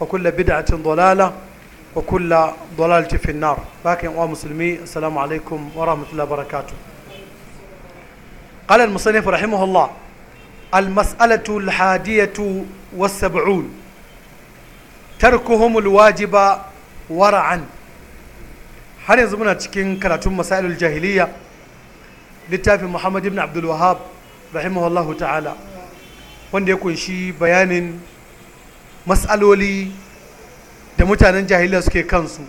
وكل بدعة ضلالة وكل ضلالة في النار باقي ومسلمي السلام عليكم ورحمة الله وبركاته قال المصنف رحمه الله المسألة الحادية والسبعون تركهم الواجب ورعا هل يزمنا تشكين cikin مسائل الجاهلية لتافي محمد بن عبد الوهاب رحمه الله تعالى وان يكون kunshi بيان matsaloli da mutanen jahiliya suke kansu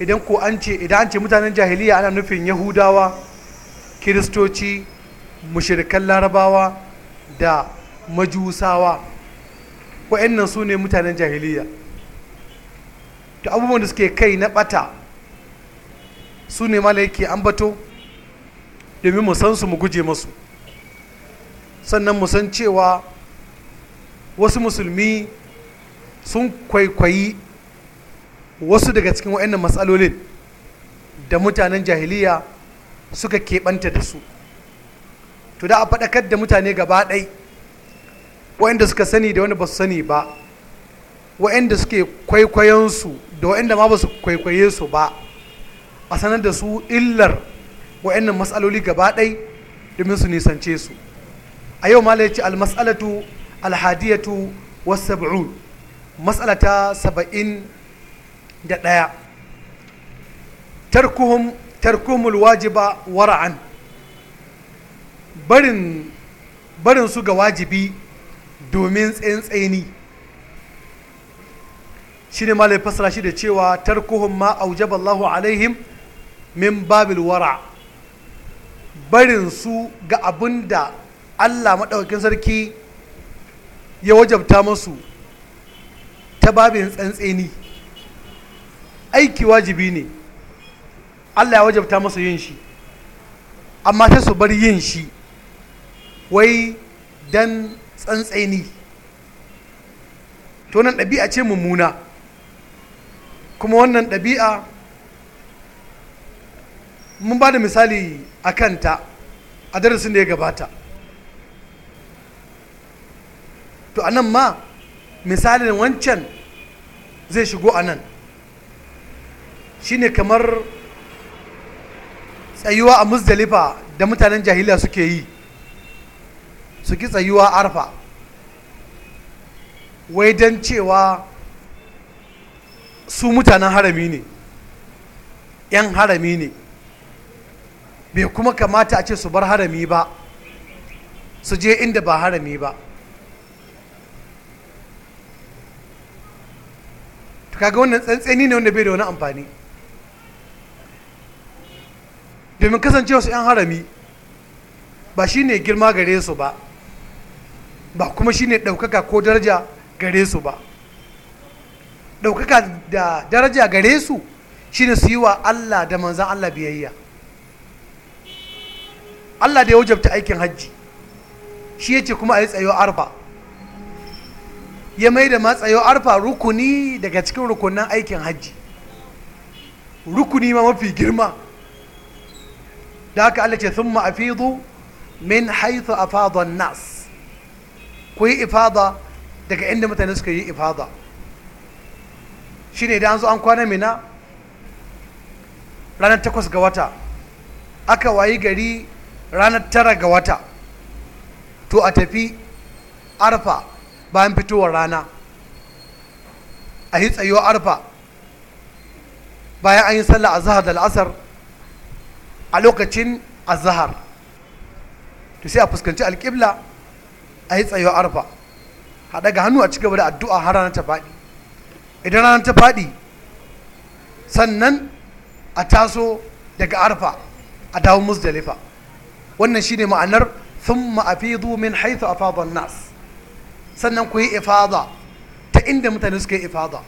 idan ko an ce idan an ce mutanen jahiliya ana nufin yahudawa kiristoci mushirikan larabawa da majusawa wa'annan su ne mutanen jahiliya da abubuwan da suke kai na bata su ne an ambato domin mu san su mu guje masu sannan mu san cewa wasu musulmi sun kwaikwayi wasu daga cikin wa'annan matsalolin da mutanen jahiliya suka keɓanta da su to da a faɗakar da mutane gaba ɗai wa'anda suka sani da wani ba su sani ba wa'anda suke kwaikwayonsu da wa'anda ma ba su kwaikwaye su ba a sanar da su illar wa'annan matsaloli gaba ɗai domin su nisance su a yau ma ce al alhadiyatu wasab'un matsalata ta saba'in da ɗaya tarkuhum tarkuhumul wajiba wara'an barin barin su ga wajibi domin tsayin shi ne malai fassara shi da cewa tarkuhum ma aujaballahu alaihim min babil wara barin su ga abin da allah maɗaukakin sarki ya wajabta masu ta babin tsantseni aiki wajibi ne allah ya wajabta masu yin shi amma ta su bar yin shi wai dan tsantseni to nan ɗabi'a ce mummuna kuma wannan ɗabi'a mun ba da misali a kanta a darasin da ya gabata to a nan ma misalin wancan zai shigo a nan shine kamar tsayuwa a musdalifa da mutanen jahiliya suke yi su ki tsayuwa arfa wai don cewa su mutanen harami ne 'yan harami ne bai kuma kamata a ce su bar harami ba su je inda ba harami ba to kaga wannan tsantseni ne wanda bai da wani amfani domin kasancewa su 'yan harami ba shi ne girma gare su ba ba kuma shi ne ɗaukaka ko daraja gare su ba ɗaukaka da daraja gare su shi ne su yi wa allah da manzan allah biyayya allah da ya wajabta aikin hajji shi ya ce kuma a yi tsayo arba ya mai da matsayo arfa rukuni daga cikin rukunan aikin hajji rukuni ma mafi girma da haka Allah ce sun ma'afidu min haithu afadon nas ku yi ifada daga inda mutane suka yi ifada shine ne da an zo an kwana mina ranar takwas ga wata aka wayi gari ranar tara ga wata to a tafi arfa bayan fitowar rana a yi tsayo arfa bayan an yi sallah a zahar da al'asar a lokacin azahar to sai a fuskanci alƙibla a yi tsayo arfa haɗa ga hannu a ci gaba da addu'a har rana ta faɗi idan rana ta faɗi sannan a taso daga arfa a dawo musdalifa wannan shine ma'anar a afidu min haythu a nas sannan ku yi ifada ta inda mutane yi ifada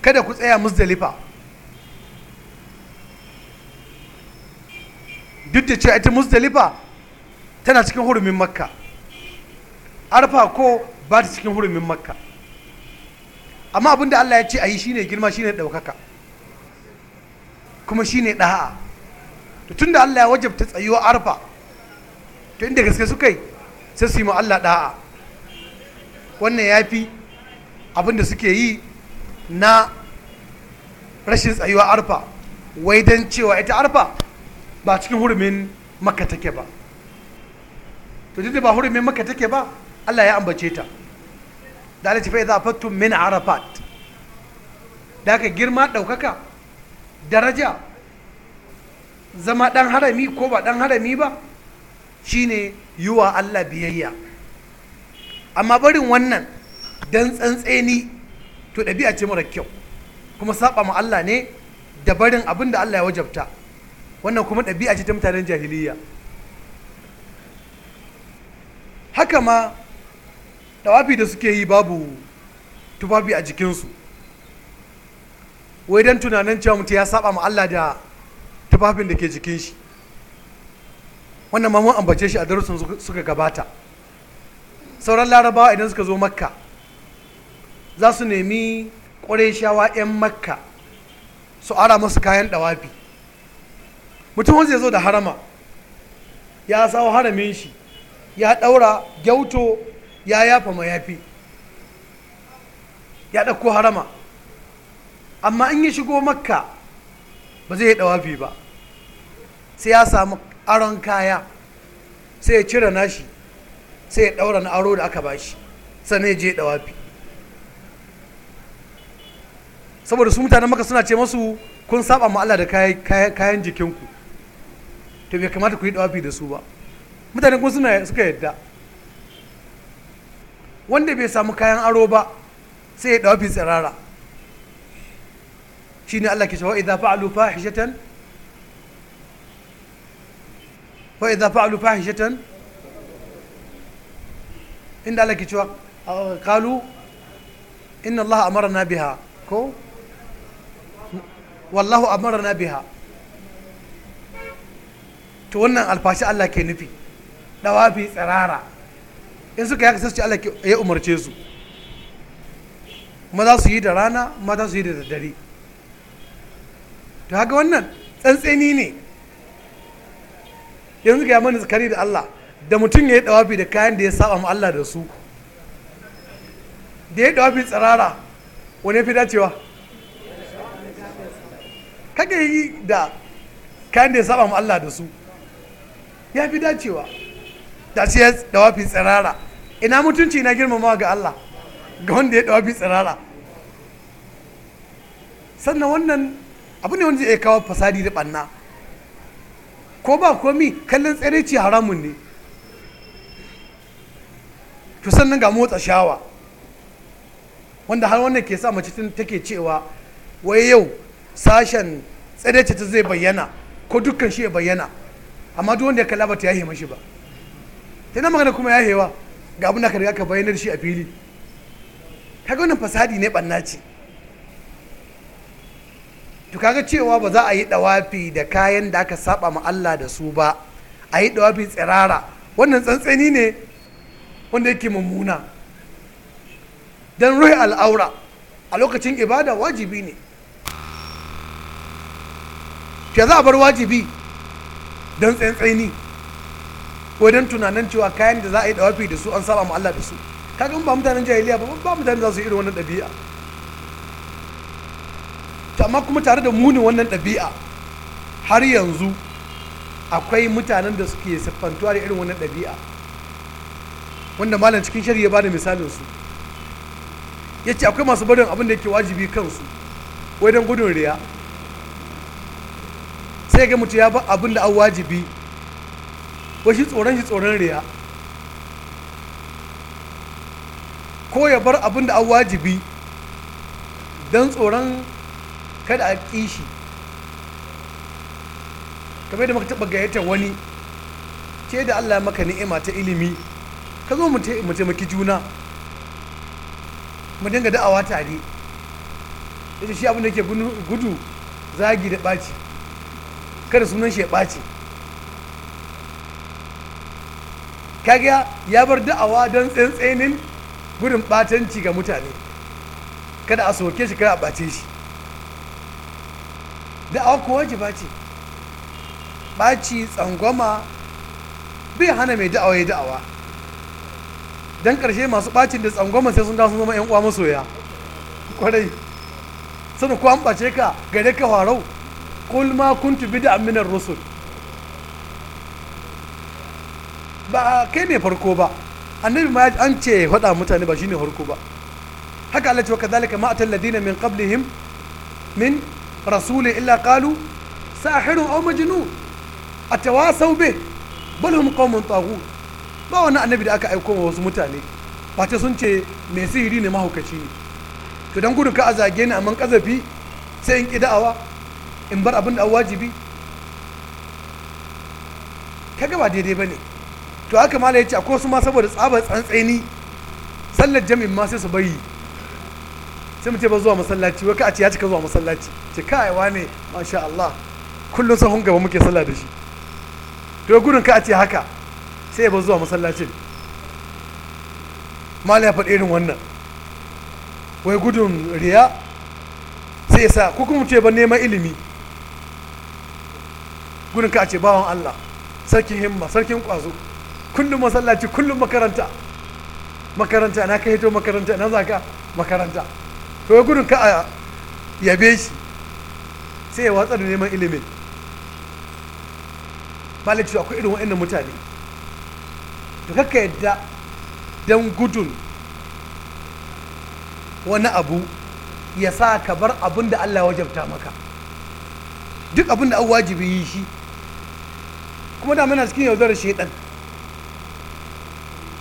kada ku tsaya musdalifa duk da cewa ita musdalifa tana cikin hurumin makka arfa ko ba ta cikin hurumin makka amma abin da allah ya ce a yi shine girma shine ɗaukaka kuma shine ɗa'a tun da allah ya wajabta tsayuwa arfa to inda gaske suka yi sai su yi ma Allah da'a wannan ya fi abin da suke yi na rashin tsayuwa arfa wai don cewa ita arfa ba cikin hurumin maka take ba to duk ba hurumin maka take ba Allah ya ambace ta da Allah za a fattu min arafat da ka girma daukaka daraja zama ɗan harami ko ba ɗan harami ba shine yi wa Allah biyayya amma barin wannan dan tsantseni to ɗabi'a ce mara kyau kuma saba ma Allah ne da barin abin da Allah ya wajabta wannan kuma ɗabi'a ce ta mutanen jahiliya haka ma ɗawafi da suke yi babu tufafi a jikinsu wai don tunanin cewa mutum ya saba ma Allah da tufafin da ke jikin shi wannan ma mun ambace shi a darussan suka gabata sauran larabawa idan suka zo makka za su nemi ƙwarishawa 'yan makka su ara masu kayan dawafi mutum wanzu ya zo da harama ya sawo haramin shi ya daura gyauto ya yafa mayafi ya ɗauko harama amma in ya shigo makka ba zai yi dawafi ba sai ya samu aron kaya sai ya cire nashi sai ya ɗaura na aro da aka bashi sannan ya je dawafi saboda su mutanen maka suna ce masu kun saba ma Allah da kayan jikinku to bai kamata ku yi dawafi da su ba mutane kun suna suka yadda wanda bai samu kayan aro ba sai ya dawafi tsirara shi ne Allah ke cewa idza fa'alu fahishatan fa idza fa'alu fahishatan inda Allah ke cewa kalu inna Allah amarna biha ko wallahu amarna biha to wannan alfashi Allah ke nufi dawafi tsirara in suka yaka sai Allah ya umarce su maza su yi da rana maza su yi da daddare ta haka wannan tsantseni ne yanzu ga mana zikari da Allah da mutum ya yi dawafi da kayan da ya saba ma Allah da su da ya yi dawafi tsirara wani ya fi dacewa kaga yi da kayan da ya saba ma Allah da su ya fi dacewa da shi ya dawafi tsirara ina mutunci ina girmamawa ga Allah ga wanda ya dawafi tsirara sannan wannan abu ne wanda ya kawo fasadi da banna ko ba komi kallon tsiraici haramun ne to sannan ga motsa shawa wanda har wannan ke sa mace take cewa wai yau sashen tsiraici ta zai bayyana ko dukkan shi ya bayyana amma duk wanda ya kalla ba ta yahe mashi ba tana magana kuma yahewa ga abin da ka riga ka bayyanar shi a fili kaga wannan fasadi ne ɓanna ce to kaga cewa ba za a yi dawafi da kayan da aka saba ma Allah da su ba a yi dawafi tsirara wannan tsantseni ne wanda yake mummuna don ruhi al'aura a lokacin ibada wajibi ne ke za a bar wajibi don tsantseni ko don tunanin cewa kayan da za a yi dawafi da su an saba ma Allah da su kaga ba mutanen jahiliya ba ba mutanen za su yi irin wannan ɗabi'a to amma kuma tare da muni wannan ɗabi'a har yanzu akwai mutanen da suke siffantuwa da irin wannan ɗabi'a wanda malam cikin shari'a ba da misalin su ya ce akwai masu barin abin da yake wajibi kansu wai don gudun riya sai ga mutu ya ba abin da an wajibi wai shi tsoron shi tsoron riya ko ya bar abin da an wajibi don tsoron kada a ƙi shi kamar da muka taɓa gayyatar wani ce da allah maka ni'ima ta ilimi ka zo mu taimaki juna mu dinga da'awa tare ita shi abin da ke gudu zagi da ɓaci kada sunan shi ya ɓaci kaga ya bar da'awa don tsantsenin gudun ɓatanci ga mutane kada a soke shi kada a ɓace shi da'awa ko wajiba ce ɓaci tsangwama bai hana mai da'awa ya da'awa don ƙarshe masu ɓacin da tsangwama sai sun dasu zama 'yan uwa masoya kwarai sun kwan an ɓace ka gare ka farau kul ma kun bi da aminar rusul ba kai ne farko ba annabi ma an ce faɗa mutane ba shine farko ba haka Allah ce wa kadhalika ma atal ladina min qablihim min رسول إلا قالوا ساحر أو مجنون أتواسوا به bal hum qaumun taghut ba wani annabi da aka aiko wa wasu mutane ta sun ce mai sihiri ne mahaukaci ne to dan gudun ka a zage ni amman kazafi sai in kida'awa in bar abin da wajibi ka gaba daidai ba ne to aka mala yace akwai su ma saboda tsabar tsantseni sallar jami'in ma sai su bari sai mu ce ba zuwa masallaci wai ka a ce ya cika zuwa masallaci ce kai ne masha Allah kullum sahun gaba muke sallah da shi to gudun ka a ce haka sai ba zuwa masallacin mali ya faɗi irin wannan wai gudun riya sai sa ko kuma ce ba neman ilimi gudun ka a ce bawan Allah sarkin himma sarkin kwazo kullum masallaci kullum makaranta makaranta na ka hito makaranta na zaka makaranta to ya gudun ka a yabe shi sai ya watsa da neman ilimin malaci akwai irin wa'annan mutane to kakka yadda don gudun wani abu ya sa ka bar abin da Allah wajabta maka duk abin da an wajibi yi shi kuma da muna cikin zara shaidan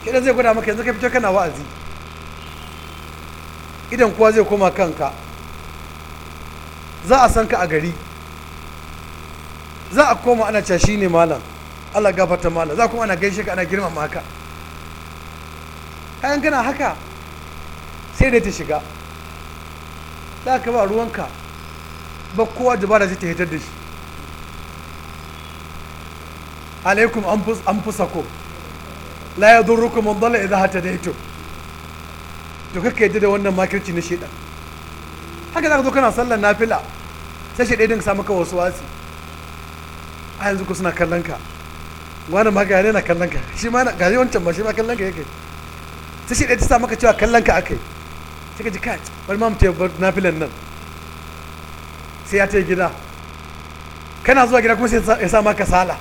shaidan zai gwada maka yanzu ka fito kana wa'azi idan kowa zai koma kanka za a san ka a gari za a koma ana cashi ne malam Allah gafata malam za kuma ana gaishe ka ana girmama ka kayan gana haka sai dai ta shiga za ka ba ruwanka ba kowa dabara zai ta hitar da shi alaikum an fusa ko la ya zurrukum man dalla idza hatadaytum to kaka yadda da wannan makirci na shaidan haka za ka zo kana sallar nafila sai shaidai din samu kawo wasu wasi a yanzu ku suna kallon ka wani ma gane na kallon ka shi ma na gane wancan ma shi ma kallon ka yake sai shaidai ta samu ka cewa kallon ka akai sai ka ji kai bari ma mutum ya nafilan nan sai ya yi gida kana zuwa gida kuma sai ya sa maka sala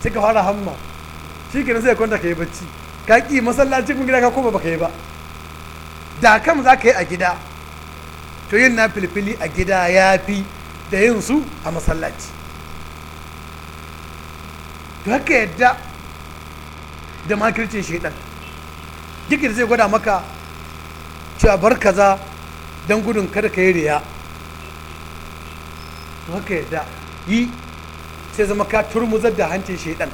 sai ka fara hamma shi kenan sai ya kwanta ka yi bacci ka ƙi masallacin gida ka koma baka yi ba da kam za ka yi a gida to yin na filfili a gida ya fi da yin su a masallaci to haka yadda da makircin shaidan duk da zai gwada maka cewa bar kaza don gudun kada ka yi riya to haka yadda yi sai zama ka turmuzar da hancin shaidan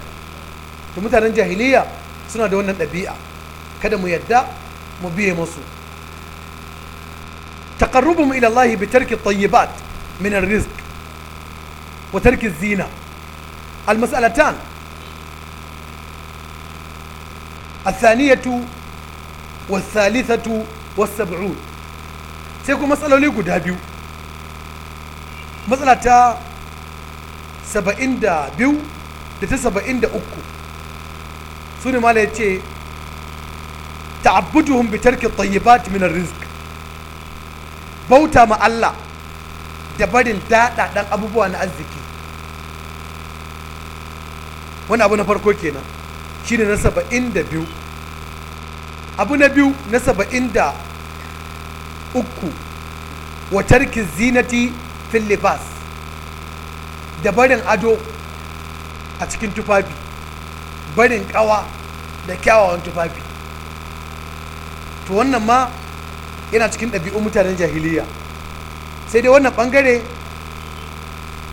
to mutanen jahiliya suna da wannan ɗabi'a kada mu yadda mu biye masu تقربهم إلى الله بترك الطيبات من الرزق وترك الزينة المسألتان الثانية والثالثة والسبعون سيكون مسألة لي قد بيو مسألة سبعين دا بيو لتا سبعين دا أكو سوري ما ليتي تعبدهم بترك الطيبات من الرزق bauta ma Allah da barin ɗan abubuwa na arziki wani abu na farko kenan shi ne na saba'in da biyu abu na biyu na saba'in da uku wa tarki zinati filibas da barin ado a cikin tufafi barin ƙawa da kyawawan tufafi to wannan ma yana cikin ɗabi'un mutanen jahiliya sai dai wannan ɓangare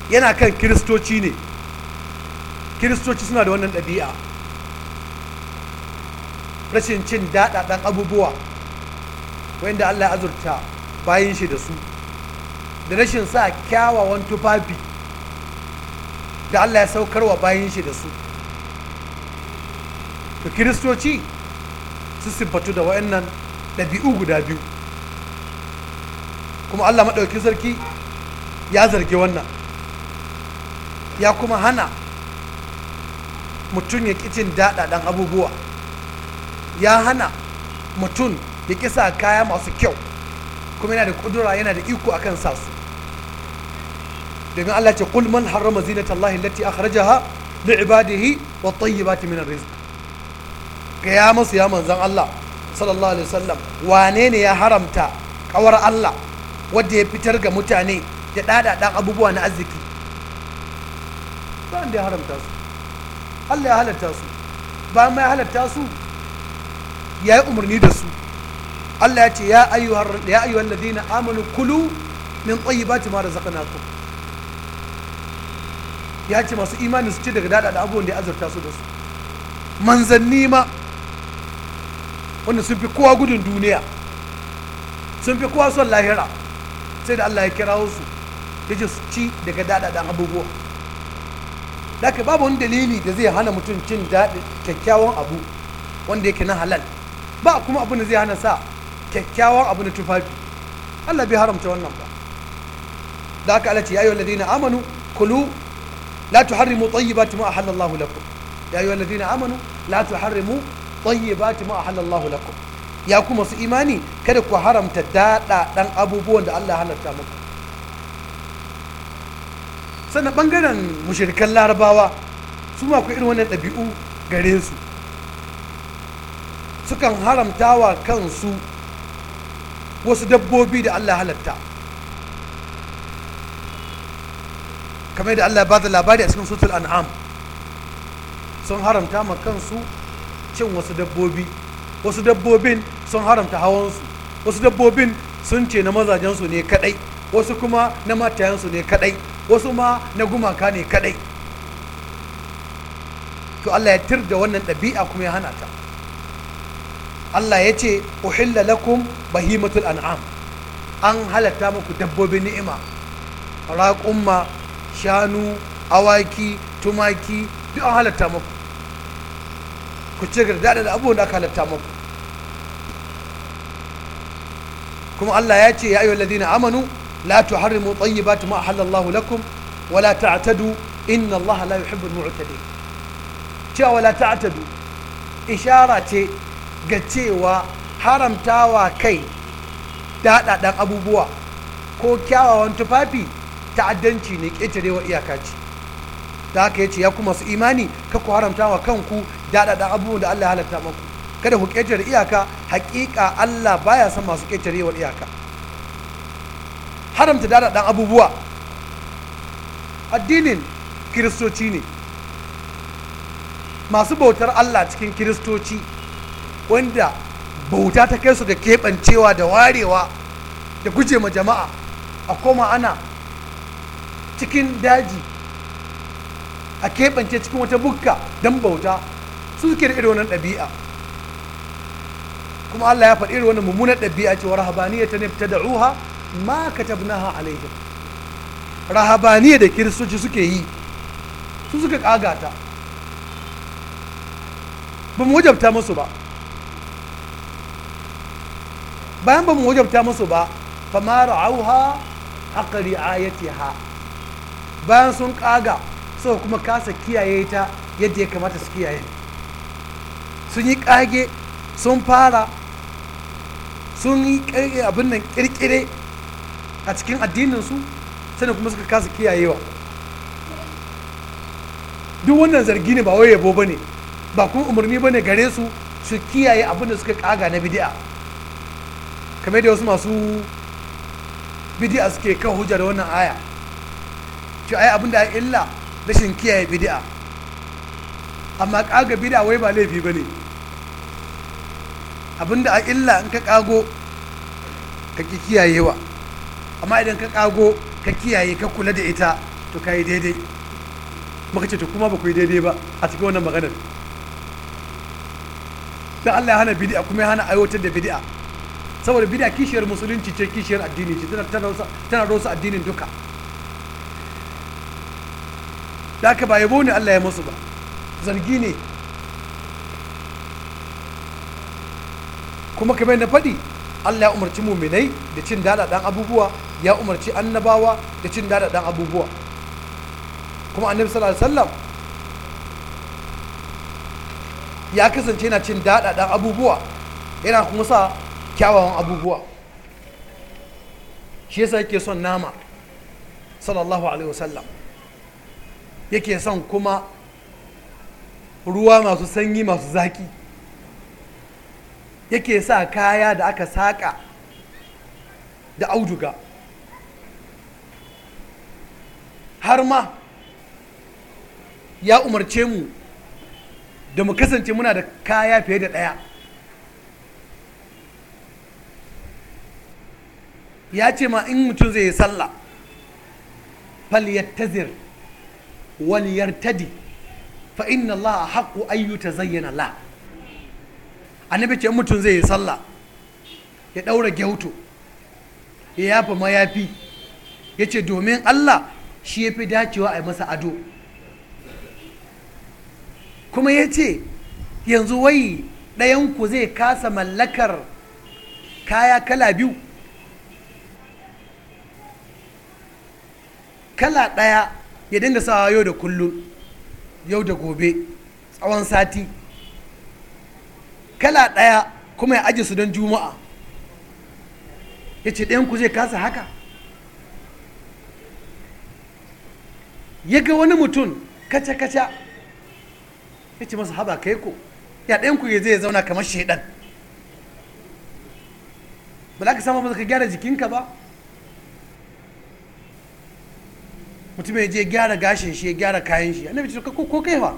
yana kan kiristoci ne kiristoci suna da wannan ɗabi'a rashin cin daɗaɗan abubuwa wanda allah azurta bayan shi da su da rashin sa kyawawan tufafi da allah ya saukarwa bayan shi da su to kiristoci su siffatu da waɗannan ɗabi'u guda biyu kuma Allah maɗauki sarki ya zargi wannan ya kuma hana mutum ya ƙi cin daɗaɗan abubuwa ya hana mutum ya ƙi kaya masu kyau kuma yana da ƙudura yana da iko akan sa su domin Allah ce kul man harrama zinata Allah allati akhrajaha li ibadihi wa tayyibati min arrizq ga ya masu ya manzon Allah sallallahu alaihi wasallam wane ne ya haramta kawar Allah wadda ya fitar ga mutane ya ɗaɗaɗa abubuwa na arziki ba wanda ya haramta su Allah ya halatta su ba ma ya halatta su ya yi umarni da su Allah ya ce ya ayyuhar ladina amanu kulu min ba tayyibati ma razaqnakum ya ce masu imanin su ce daga ɗaɗaɗa abubuwan da ya azurta su da su manzanni ma wanda sun fi kowa gudun duniya sun fi kowa son lahira sai da Allah ya kirawo su ya ji su ci daga daɗaɗan abubuwa daga babu wani dalili da zai hana mutum cin daɗi kyakkyawan abu wanda yake na halal ba kuma abu da zai hana sa kyakkyawan abu na tufafi Allah bai haramta wannan ba da aka Allah ce ya wa ladina amanu kulu la tuharrimu tayyibati ma ahalla halallahu lakum ya yi wa ladina amanu la tuharrimu tayyibati ma ahalla halallahu lakum ya kuma su imani kada ku haramta daɗaɗan abubuwan da Allah halatta muku sannan ɓangaren mushirikan larabawa su ma irin wannan ɗabi'u gare su sukan haramta wa kansu wasu dabbobi da Allah halatta kamar da Allah ba da labari a cikin sutul an'am sun haramta ma kansu cin wasu dabbobi wasu dabbobin sun haramta hawansu wasu dabbobin sun ce na mazajensu ne kadai wasu kuma na matayensu ne kadai wasu ma na gumaka ne kadai to Allah ya tir da wannan ɗabi'a kuma ya hana ta Allah ya ce uhilla lakum bahimatul an'am an halatta muku dabbobin ni'ima raƙumma shanu awaki tumaki duk an halatta muku ku ce ga da abubuwan da aka halatta muku kuma Allah ya ce ya ayyuhal ladina amanu la tuharrimu tayyibati ma ahallallahu lakum wa la ta'tadu inna Allah la yuhibbul mu'tadin cewa la ta'tadu ishara ce ga cewa haramtawa kai daɗaɗan abubuwa ko kyawawan tufafi ta'addanci ne ƙetarewa iyaka ce da haka ya ce ya kuma su imani ka ku haramtawa kanku daɗaɗan abubuwan da Allah halatta maku kada ku ƙetare iyaka haƙiƙa Allah baya son masu ƙetarewar iyaka haramta dada ɗan abubuwa addinin kiristoci ne masu bautar Allah cikin kiristoci wanda bauta ta kai su da keɓancewa da warewa da guje ma jama'a a koma ana cikin daji a keɓance cikin wata bukka don bauta su suke da irin wannan ɗabi'a kuma Allah ya faɗi irin wannan mummunar ɗabi'a cewa rahabaniya ta nefta da ruha ma katabnaha alaihim rahabaniya da kiristoci suke yi su suka kagata ba mu wajabta musu ba bayan ba mu wajabta musu ba fama ra'auha haka ri'ayatiha bayan sun ƙaga suka kuma kasa kiyaye ta yadda ya kamata su kiyaye sun yi ƙage sun fara sun yi kirkire abin nan kirkire a cikin addininsu sannan kuma suka kasa kiyayewa duk wannan zargi ne ba wai yabo ba ne ba kuma umarni ba ne gare su su kiyaye abin da suka kaga na bidi'a kamar da wasu masu bidi'a suke kan hujja da wannan aya ci ai abin da ya illa rashin kiyaye bidi'a amma kaga bidi'a wai ba laifi ba ne abinda a illa in ka kago ka ki kiyayewa amma idan ka kago ka kiyaye ka kula da ita to ka yi daidai muka ce to kuma ba ku yi daidai ba a cikin wannan maganar dan Allah ya hana bid'a kuma ya hana aiwatar da bid'a saboda bid'a kishiyar musulunci ce kishiyar addini ce tana rosa addinin duka da ka ba yabo ne Allah ya musu ba zargi ne kuma kamar na faɗi Allah ya umarci muminai da cin dadadan abubuwa ya umarci annabawa da cin dadadan abubuwa kuma annabi sallallahu alaihi wasallam ya kasance yana cin dadadan abubuwa yana kuma sa kyawawan abubuwa shi yasa yake son nama sallallahu alaihi wasallam yake son kuma ruwa masu sanyi masu zaki yake sa kaya da aka saƙa da auduga har ma ya umarce mu da mu kasance muna da kaya fiye da ɗaya ya ce ma in mutum zai yi sallah falyattazir waliyartadi fa inna Allah haqqu ayyuta zayyana la annabi ce mutum zai yi sallah ya ɗaura gyauto ya yafa mayafi ya ce domin allah shi ya fi dacewa a yi masa ado kuma ya ce yanzu wai ɗayanku zai kasa mallakar kaya kala biyu kala ɗaya ya dinga sawa yau da kullum yau da gobe tsawon sati kala ɗaya kuma ya aje su don juma'a ya ce ku zai kasa haka ya ga wani mutum kaca-kaca ya ce masa haba kai ko ya ɗayanku ya zai zauna kamar shaidan ba za ka samu ba ka gyara jikinka ba mutum ya je gyara gashin shi ya gyara kayan shi annabi ce ko kai fa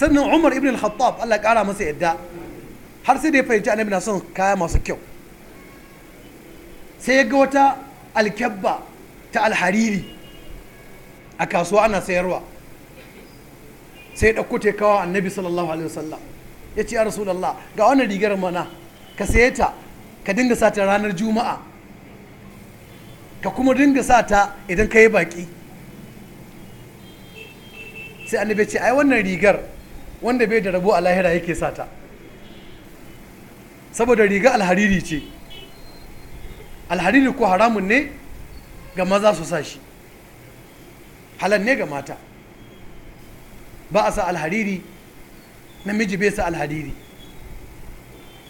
sannan umar ibn al-khattab Allah ya kara masa yadda har sai da ya fahimci annabi na son kaya masu kyau sai ya ga wata alkyabba ta alhariri a kasuwa ana sayarwa sai ya ɗauko ta kawo annabi sallallahu alaihi wasallam ya ce ya Allah ga wannan rigar mana ka saye ta ka dinga sa ta ranar juma'a ka kuma dinga sa ta idan ka yi baƙi sai annabi ce ai wannan rigar wanda bai da rabo a lahira yake sata saboda riga alhariri ce alhariri ko haramun ne ga maza su sa shi halal ne ga mata ba a sa alhariri namiji bai sa alhariri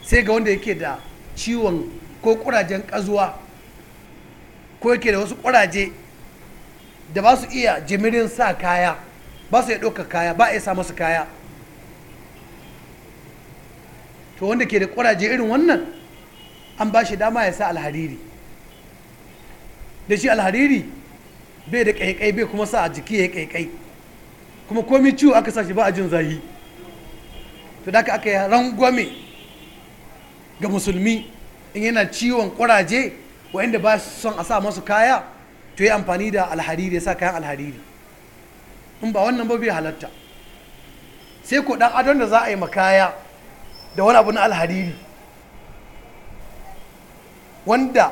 sai ga wanda yake da ciwon ko kurajen kazuwa ko yake da wasu kuraje da ba su iya jimirin sa kaya ba su iya ɗauka kaya ba a iya sa masu kaya to wanda ke da kuraje irin wannan an ba shi dama ya sa alhariri da shi alhariri bai da ƙaiƙai bai kuma sa a jiki ya ƙaiƙai kuma komi ciwo aka sa shi ba a jin zahi to da aka yi rangwame ga musulmi in yana ciwon ƙuraje wa'inda ba su son a sa masu kaya to yi amfani da alhariri ya sa kayan alhariri in ba wannan ba bai halatta sai ko dan adon da za a yi makaya kaya da wani abu na alhariri wanda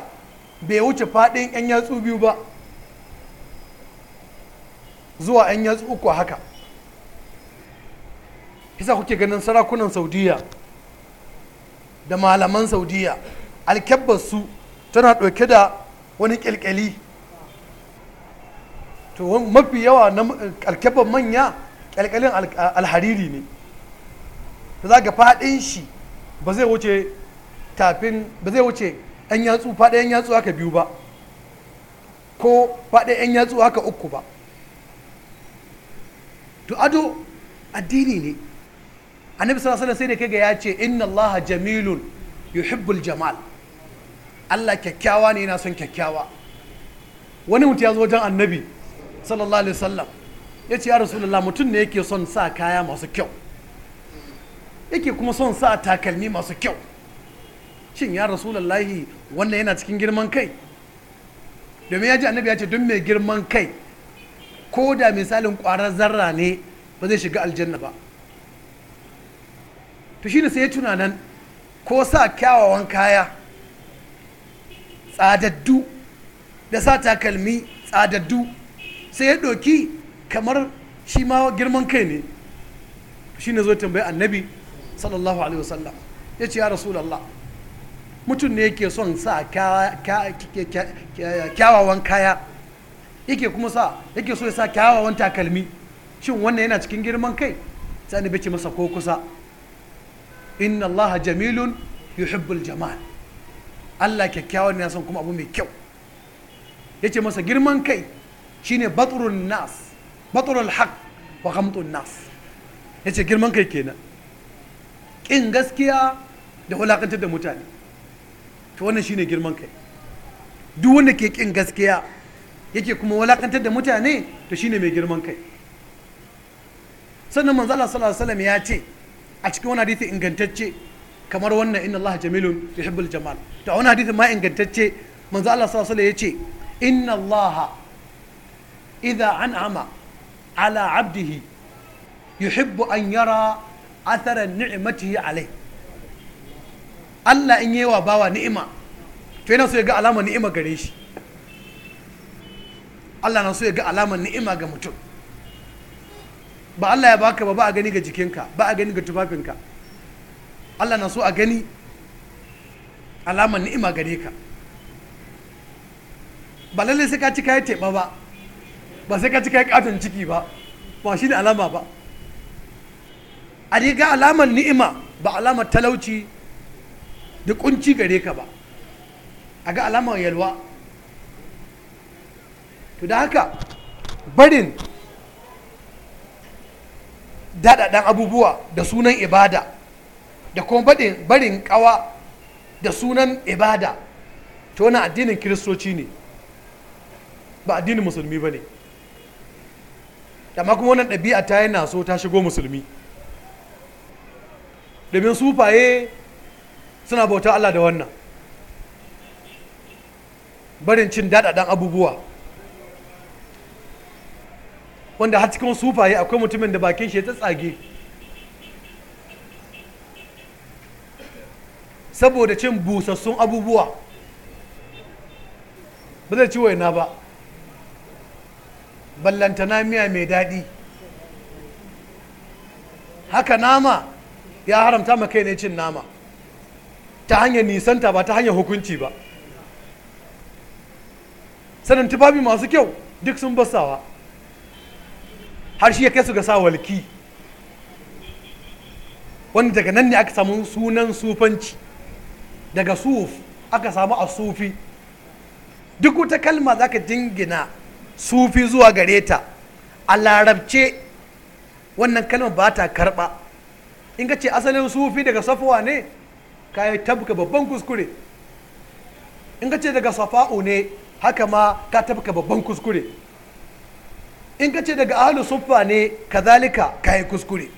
bai wuce faɗin 'yan yatsu biyu ba zuwa 'yan yatsu uku haka kisa kuke ganin sarakunan saudiya da malaman saudiya su tana ɗauke da wani ƙyalƙyali to mafi yawa na alkyabban manya ƙyalƙyalin alhariri ne da za ka faɗin shi ba zai wuce tafin ba zai wuce yan yatsu faɗe yan yatsu haka biyu ba ko faɗe yan yatsu haka uku ba to ado addini ne annabi sallallahu alaihi sai da ga ya ce inna Allah jamilun yuhibbul jamal Allah kyakkyawa ne yana son kyakkyawa wani mutum ya zo wajen annabi sallallahu alaihi wasallam ya ce ya rasulullah mutum ne yake son sa kaya masu kyau yake kuma son sa takalmi masu kyau shin ya rasu rasulallahi wannan yana cikin girman kai domin ya ji annabi ya ce don mai girman kai ko da misalin kwarar zarra ne ba zai shiga aljanna ba to shi sai ya tuna nan ko sa kyawawan kaya tsadaddu da sa takalmi tsadaddu sai ya ɗoki kamar shi ma girman kai ne shi ne zo tambayi annabi sallallahu alaihi wasallam ya ce ya rasulallah mutum ne yake son sa kyawawan kaya yake kuma sa yake so ya sa kyawawan takalmi shin wannan yana cikin girman kai sai ni bice masa ko kusa inna allaha jamilun yuhibbul jamal allah kyakkyawan ne son kuma abu mai kyau yace masa girman kai shine batrun nas Baturul haq wa ghamtun nas yace girman kai kenan ƙin gaskiya da wulaƙantar da mutane to wannan shine girman kai duk wanda ke ƙin gaskiya yake kuma wulaƙantar da mutane to shine mai girman kai sannan manzo Allah sallallahu alaihi wasallam ya ce a cikin wani hadisi ingantacce kamar wannan inna Allah jamilun yuhibbul jamal to a wani hadisi ma ingantacce manzo Allah sallallahu alaihi wasallam ya ce inna Allah idza an'ama ala abdihi yuhibbu an yara athara ni'matihi alai Allah in yi wa bawa ni'ima to yana so ya ga alamar ni'ima gare shi Allah na so ya ga alamar ni'ima ga mutum ba Allah ya baka ba ba a gani ga jikinka ba a gani ga tufafinka Allah na so a gani alamar ni'ima gare ka ba lalle sai ka ci kai teɓa ba ba sai ka ci kai katon ciki ba ba shi ne alama ba a riga alamar ni'ima ba alamar talauci da kunci gare ka ba a ga alamar yalwa to da haka barin daɗaɗɗen abubuwa da sunan ibada da kuma barin ƙawa da sunan ibada to na addinin kiristoci ne ba addinin musulmi ba ne amma kuma wannan ɗabi'a ta yi naso ta shigo musulmi domin sufaye suna bauta Allah da wannan barin cin daɗaɗɗen abubuwa wanda har cikin sufaye akwai mutumin da bakin shi ya tsage saboda cin busassun abubuwa ba zai ci waina ba ballantana miya mai daɗi haka nama ya haramta ma kai ne cin nama ta hanyar nisanta ba ta hanyar hukunci ba sanin tufafi masu kyau duk sun basawa har shi ya kai su ga sa walki wanda daga nan ne aka samu sunan sufanci daga suf aka samu a sufi duk wata kalma za ka jingina sufi zuwa gare ta a larabce wannan kalma ba ta karɓa in ka ce asalin sufi daga safuwa ne ka yi tabka babban kuskure in ka ce daga safa'u ne haka ma ka tabka babban kuskure in ka ce daga ahlu suffa ne kazalika ka yi kuskure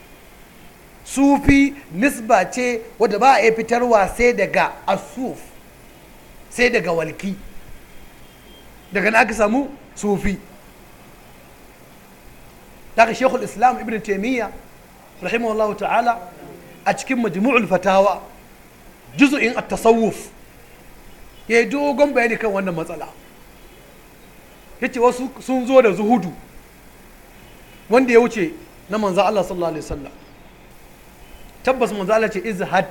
sufi nisba ce wadda ba a fitarwa sai daga asuf sai daga walki daga na aka samu sufi daga shekul islam ibn taimiyya rahimahullahu ta'ala a cikin majmu'ul fatawa juzu'in a tasawuf ya yi dogon bayani kan wannan matsala ya wasu sun zo da zuhudu wanda ya wuce na manzo Allah sallallahu alaihi tabbas manzo Allah ce izhad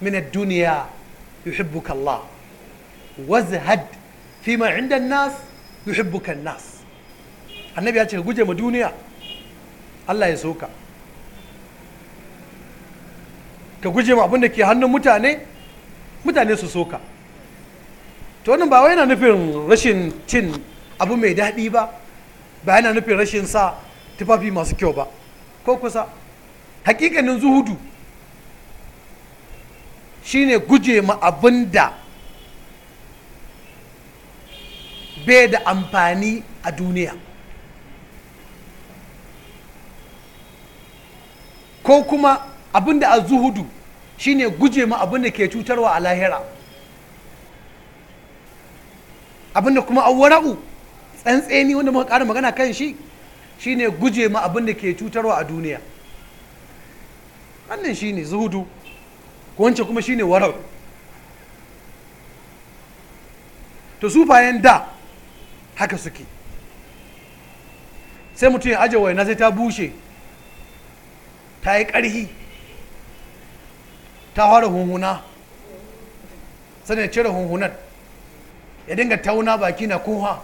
min ad-dunya yuhibbuka Allah wazhad fima inda nas yuhibbuka nas annabi ya ce guje ma duniya Allah ya soka ka guje ma abin da ke hannun mutane mutane su soka to wannan ba yana nufin rashin cin abu mai daɗi ba ba yana nufin rashin sa tufafi masu kyau ba ko kusa hakikanin zuhudu shine guje ma abin da bai da amfani a duniya ko kuma abin da a zuhudu shine guje ma abin da ke cutarwa a lahira abin da kuma awwara'u tsantseni wanda muka ƙara magana kan shi shine guje ma abin da ke cutarwa a duniya wannan shine zuhudu wancan kuma shine wara to sufayen da haka suke sai mutum ya aje waina sai ta bushe ta yi ƙarhi ta fara hunhuna sai ya cire hunhunan ya dinga tauna baki na kuha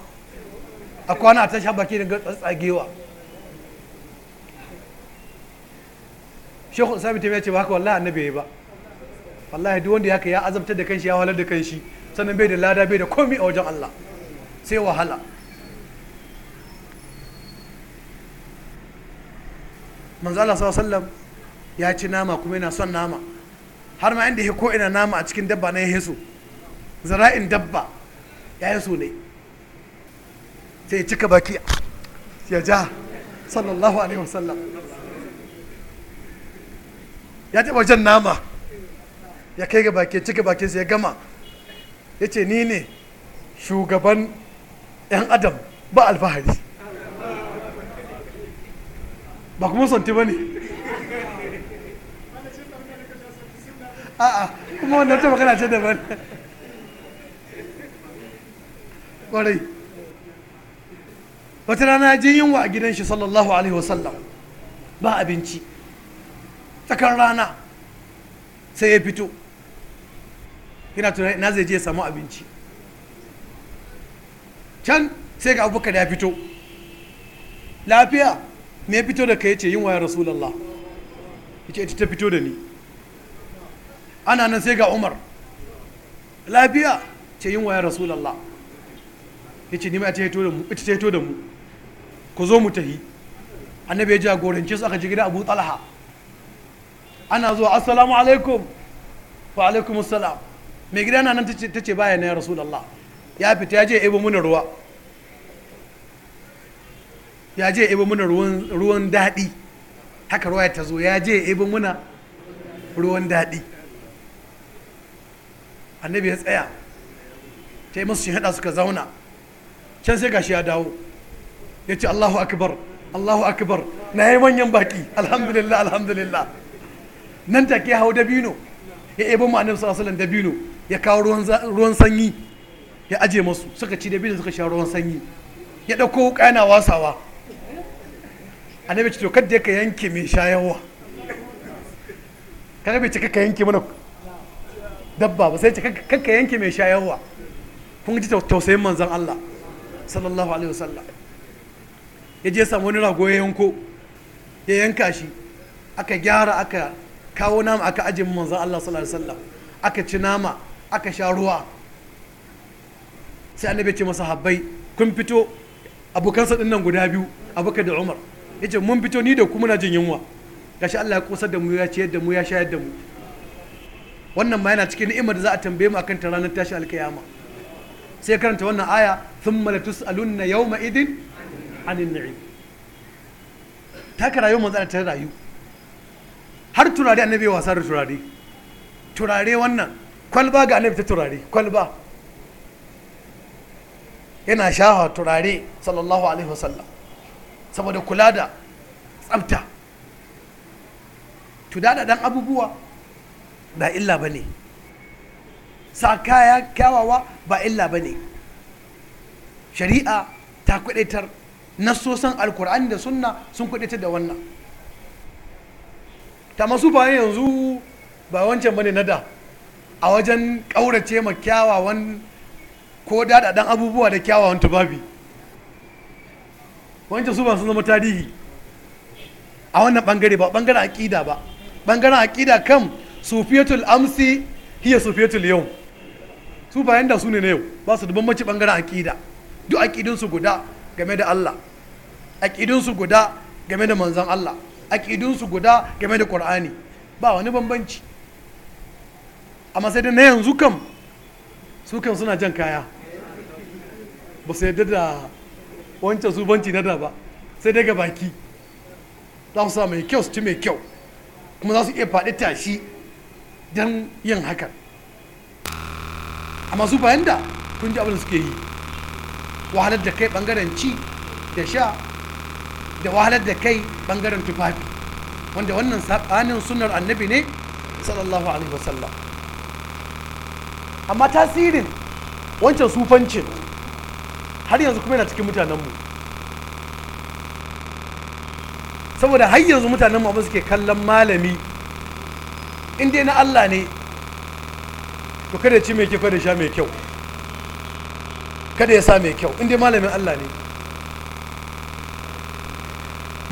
a kwana ta sha baki daga tsagewa shekhu sami tafiya ce ba haka wallahi annabi ya ba wallahi duk wanda ya ya azabtar da kanshi ya wahalar da kanshi sannan bai da lada bai da komi a wajen Allah sai wahala manzo Allah sallallahu alaihi wasallam ya ci nama kuma yana son nama har ma inda ya ko ina nama a cikin dabba na ya heso zara'in dabba ya heso ne sai ya cika baki ya ja sallallahu alaihi wasallam ya taɓa jan nama ya kai ga baki cika sai ya gama ya ce ni ne shugaban 'yan adam ba alfahari ba kuma santi ba ne a'a kuma wannan ta magana ce daban kwarai wata rana jin yunwa a gidan shi sallallahu alaihi wasallam ba abinci tsakan rana sai ya fito yana tunani na zai je ya samu abinci can sai ga abubakar ya fito lafiya me ya fito da ka yace yin ya rasulallah yace ita ta fito da ni ana nan sai ga umar lafiya ce yin waya rasulallah ya ce nima ita ta yi to da mu ku zo mu tahi annabi ya jagorance su aka ji gida abu talha ana zuwa assalamu alaikum wa alaikum assalam mai gida na nan ta ce baya na ya rasulallah ya fita ya je ya ebo mana ruwa ya je ya ebo mana ruwan daɗi haka ruwa ta zo ya je ya ebo mana ruwan daɗi annabi ya tsaya ta yi musu shahada suka zauna can sai gashi ya dawo ya ce allahu akbar allahu akbar na yi manyan baki alhamdulillah alhamdulillah nan ta ke hau dabino ya ebo mu annabi sallallahu alaihi dabino ya kawo ruwan sanyi ya aje masu suka ci dabino suka sha ruwan sanyi ya ɗauko wuka yana wasawa annabi ce to ya ka yanke mai shayarwa kada bai cika ka yanke mana dabba ba sai ce kakka yanke mai shayarwa kun ji tausayin manzan Allah sallallahu alaihi wasallam ya je samu wani rago ya yanko ya yanka shi aka gyara aka kawo nama aka ajiye manzan Allah sallallahu alaihi wasallam aka ci nama aka sha ruwa sai annabi ce masa habbai kun fito abokansa din guda biyu abokan da umar ya ce mun fito ni da ku muna jin yunwa gashi Allah ya kusa da mu ya ciyar yadda mu ya sha yadda mu wannan ma yana cikin ni'imar da za a tambaye mu akan ta ranar tashi alkiyama sai karanta wannan aya thumma latus'alunna yawma idin anin ni'im taka rayuwar manzo ta rayu har turare annabi ya wasa da turare turare wannan kwalba ga annabi ta turare kwalba yana shaha turare sallallahu alaihi wasallam saboda kula da tsafta tudada dan abubuwa ba illa ba ne sa kaya kyawawa ba illa ba ne shari'a ta kudaitar nasosan alkur'ani da sunna sun kudaitar da wannan ta masu bayan yanzu ba wancan bane na da a wajen ƙaurace ma kyawawan ko daɗaɗɗen abubuwa da kyawawan tubabi wancan su ba sun zama tarihi a wannan ɓangare ba ɓangaren aƙida ba ɓangaren aƙida kam sufiyatul amsi hiya sufiyatul yau su bayan da su ne na yau ba su da bambanci bangaren aƙida duk aƙidinsu guda game da Allah aƙidinsu guda game da manzan Allah aƙidinsu guda game da Qur'ani ba wani bambanci amma sai dai na yanzu kam su kan suna jan kaya ba su yadda da wancan subanci na da ba sai daga baki za su sa mai kyau su ci mai kyau kuma za su iya faɗi tashi don yin hakan amma su bayan da kun ji abin da suke yi wahalar da kai bangaren ci da sha da wahalar da kai bangaren tufafi wanda wannan sabanin sunar annabi ne sallallahu alaihi wasallam amma tasirin wancan sufancin har yanzu kuma yana cikin mutanenmu saboda har yanzu mutanenmu abin suke kallon malami in dai na Allah ne to kada ya ci mai kyau da sha mai kyau kada ya sa mai kyau in dai malamin Allah ne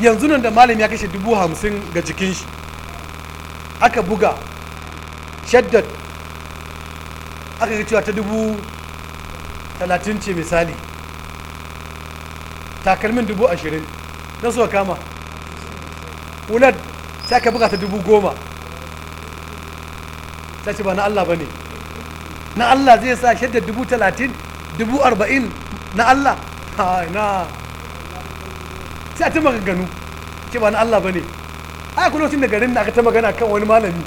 yanzu nan da malami ya kashe dubu hamsin ga jikin shi aka buga shaddad aka ga cewa ta dubu talatin ce misali takalmin dubu ashirin na suka kama wunar sai aka buga ta dubu goma sai ce ba na Allah ba ne na Allah zai sa shaddar dubu talatin dubu arba'in na Allah na sai a ta maganganu ce ba na Allah ba ne a kuma lokacin da garin na aka ta magana kan wani malami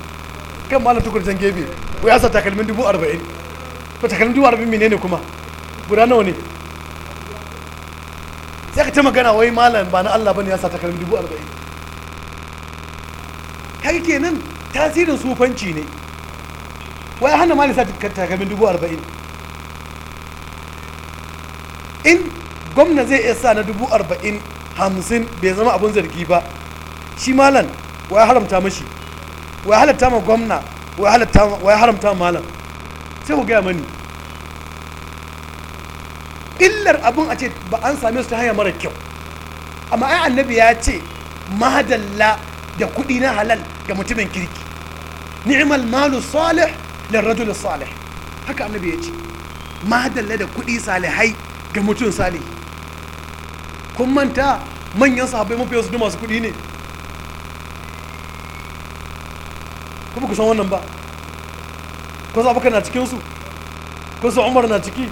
kan malam tukur can gefe ko ya sa takalmin dubu arba'in ko takalmin dubu arba'in menene kuma guda nawa ne sai aka ta magana wai malam ba na Allah ba ne ya sa takalmin dubu arba'in kai kenan tasirin sufanci ne wai hana ma sa takamin dubu arba'in in gwamna zai iya sa na dubu arba'in hamsin bai zama abun zargi ba shi malam wai haramta mashi wai halatta ma gwamna wai haramta malam sai ku gaya mani illar abun a ce ba an same su ta hanyar mara kyau amma ai annabi ya ce mahadalla da kuɗi na halal ga mutumin kirki ni'mal malu salih lirrajul salih haka annabi ya ce madalla da kuɗi salihai ga mutum salih kun manta manyan sahabbai mafi wasu masu kuɗi ne kuma ku san wannan ba kun san abubakar na cikinsu kun san umar na ciki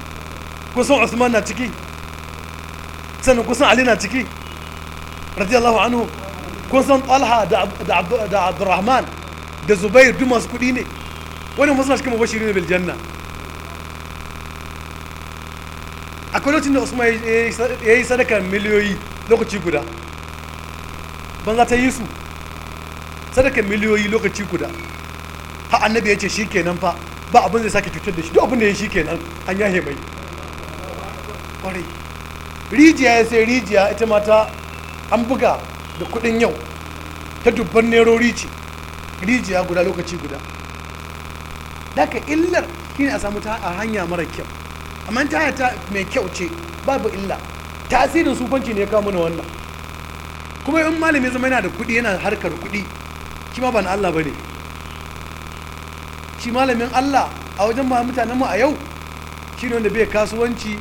kun san usman na ciki sannan kun san ali na ciki radiyallahu anhu kun san talha da abdurrahman da zubair duk masu kuɗi ne wani masu cikin mubashirin na biljanna akwai lokacin da usman ya yi sadaka miliyoyi lokaci guda ban za ta yi su sadaka miliyoyi lokaci guda ha annabi ya ce shi kenan fa ba abin zai sake cutar da shi duk abin da ya shi kenan an ya mai kwarai rijiya ya sai rijiya ita mata an buga da kudin yau ta dubban nerori ce rijiya guda lokaci guda daga illar shine a samu ta hanya mara kyau amma ta ta mai kyau ce babu illa tasirin sufanci ne ya kawo mana wannan kuma in malami zama yana da kuɗi yana harkar kuɗi shi ma ba na Allah bane shi malamin Allah a wajen ma mutanen mu a yau shine wanda bai kasuwanci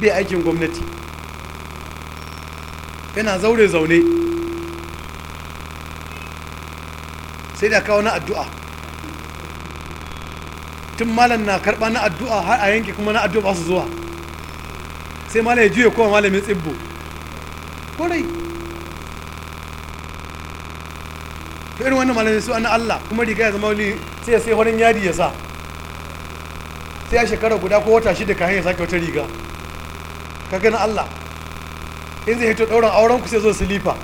bai aikin gwamnati yana zaure zaune sai da kawo na addu'a tun malam na karɓa na addu'a har a yanke kuma na addu'a ba su zuwa sai malam ya juya kowa malamin tsibbo kwarai Ta irin wannan malamin su an Allah kuma riga ya zama wani sai ya sai wani yadi ya sa sai ya shekara guda ko wata shida kayan ya sake wata riga ka gani Allah in zai hito ɗauran auren ku sai zo silifa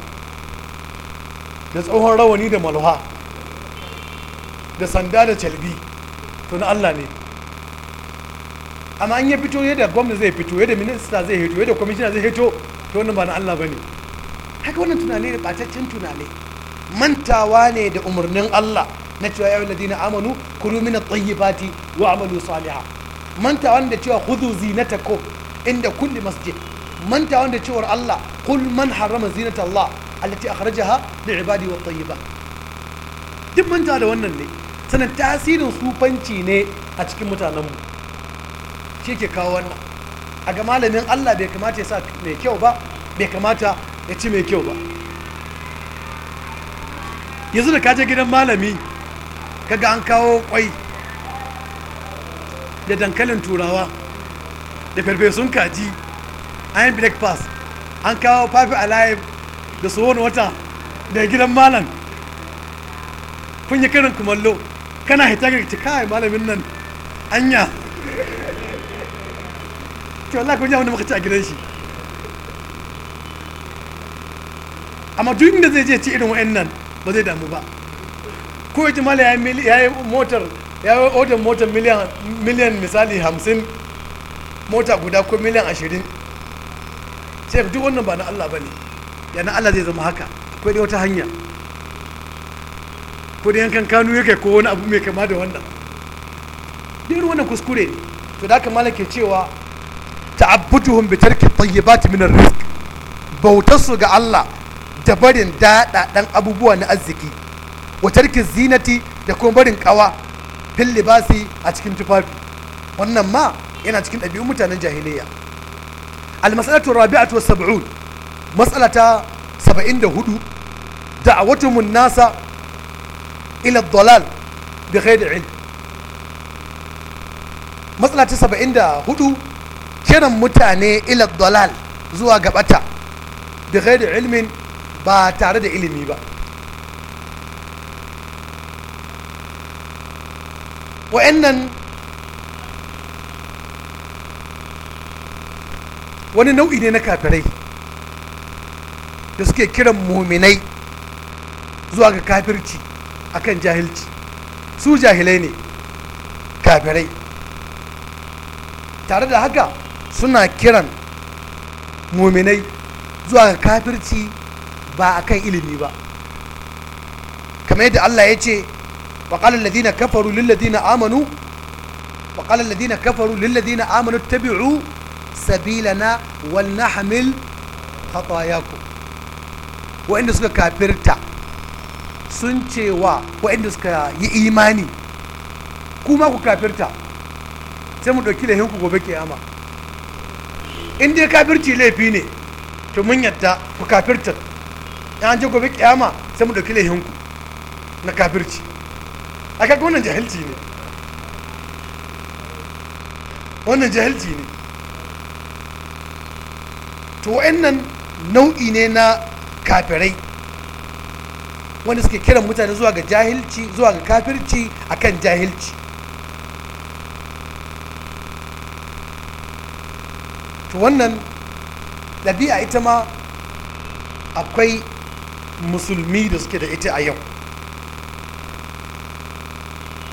da tsohon rawani da malha da sanda da calbi to na Allah ne amma an ya fito yadda gwamna zai fito yadda minista zai fito. yadda kwamishina zai fito. to wannan ba na Allah ba ne haka wannan tunani ne bataccen tunani mantawa ne da umarnin Allah na cewa ya ladina amanu kulu min at-tayyibati wa amalu salihah mantawa da cewa khudhu zinatakum inda kulli masjid mantawa da cewar Allah kul man harrama zinata Allah allati akhrajaha li ibadi wa tayyibat duk mantawa da wannan ne sannan tasirin sufanci ne a cikin mutanenmu shi ke kawo wannan a ga malamin allah bai kamata ya sa mai kyau ba bai kamata ya ci mai kyau ba yanzu da kaje gidan malami kaga an kawo kwai da dankalin turawa da farfesun kaji an yi breakfast an kawo fafi alive da tsohon wata da gidan malam kun yi karin kumallo kana hita ga ci kai malamin nan anya to Allah ko ji abin da muka ci a gidan shi amma duk inda zai je ci irin nan ba zai damu ba ko ya mala ya yi motar ya yi odar motar miliyan misali hamsin mota guda ko miliyan ashirin sai duk wannan ba na Allah ba ne ya na Allah zai zama haka akwai dai wata hanya ko da yankan kanu yake ko wani abu mai kama da wannan irin wannan kuskure to da haka malam ke cewa ta'abbuduhum bi tarki tayyibati min ar-rizq bautarsu ga Allah da barin daɗaɗan abubuwa na arziki wa tarki zinati da kuma barin kawa fil libasi a cikin tufafi wannan ma yana cikin ɗabi'un mutanen jahiliya al-mas'alatu rabi'atu was sab'un mas'alata 74 mun nasa إلى الضلال بغير علم matsala ta saba'in da hudu kiran mutane ila dalal zuwa gabata da ghairi ba tare da ilimi ba wa'annan wani nau'i ne na kafirai da suke kiran muminai zuwa ga kafirci akan jahilci su jahilai ne kafirai tare da haka suna kiran muminai zuwa ga kafirci ba akan ilimi ba kamar yadda Allah ya ce وقال الذين كفروا للذين آمنوا وقال الذين كفروا للذين آمنوا اتبعوا سبيلنا ولنحمل خطاياكم وإن سكا sun ce wa waɗanda suka yi imani kuma ku kafirta sai mu ɗauki lahinku gobe kiyama in dai kafirci laifi ne to mun yadda ku kafirta an je gobe kiyama sai mu ɗauki lahinku na kafirci a kaga wannan jahilci ne wannan jahilci ne to waɗannan nau'i ne na kafirai wanda suke kiran mutane zuwa ga jahilci zuwa ga kafirci akan jahilci to wannan ɗabi'a ita ma akwai musulmi da suke da ita a yau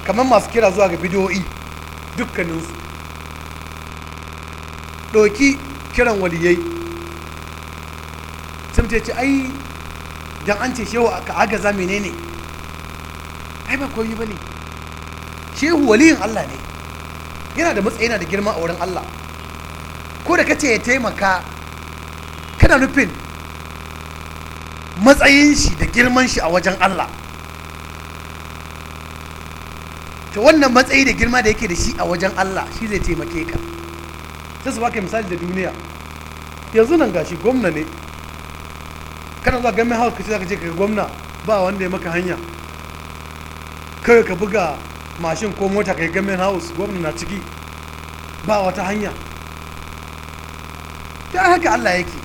kamar masu kira zuwa ga bidiyo'i dukkaninsu ɗauki kiran waliyai sun ce ai don an ce shehu ka agaza menene ai ba koyi ba ne shehu waliyin allah ne yana da matsayi yana da girma a wurin allah ko da kace ya taimaka kana nufin matsayin shi da girman shi a wajen allah to wannan matsayi da girma da yake da shi a wajen allah shi zai taimake ka sai su baka misali da duniya yanzu nan gashi gwamna ne kana zuwa gamin house kace ka ce ka gwamna ba wanda ya maka hanya kawai ka buga mashin ko mota ka yi gamin house gwamna na ciki ba wata hanya ta haka Allah yake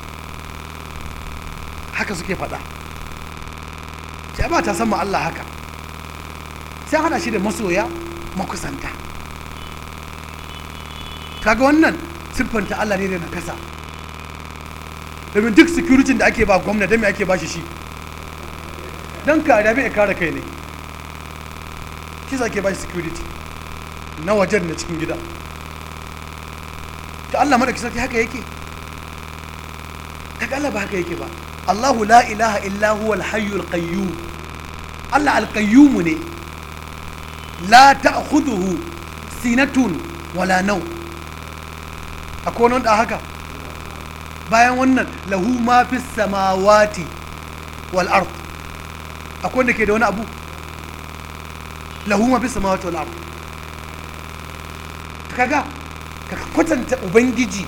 haka suke faɗa sai ba ta sama Allah haka sai hada shi da masoya makusanta kaga wannan siffanta Allah ne da na kasa domin duk security da ake ba gwamna don me ake ba shi shi don ka da bai kare kai ne shi za ke ba shi security na wajen na cikin gida ta Allah madaki sarki haka yake ta Allah ba haka yake ba Allahu la ilaha illa huwa al-hayyul qayyum Allah al-qayyum ne la ta'khudhuhu sinatun wala nawm akwai wanda haka bayan wannan lahu ma fi samawati wal ard akwai wanda ke da wani abu lahu ma fi samawati wal ard kaga ka kwatanta ubangiji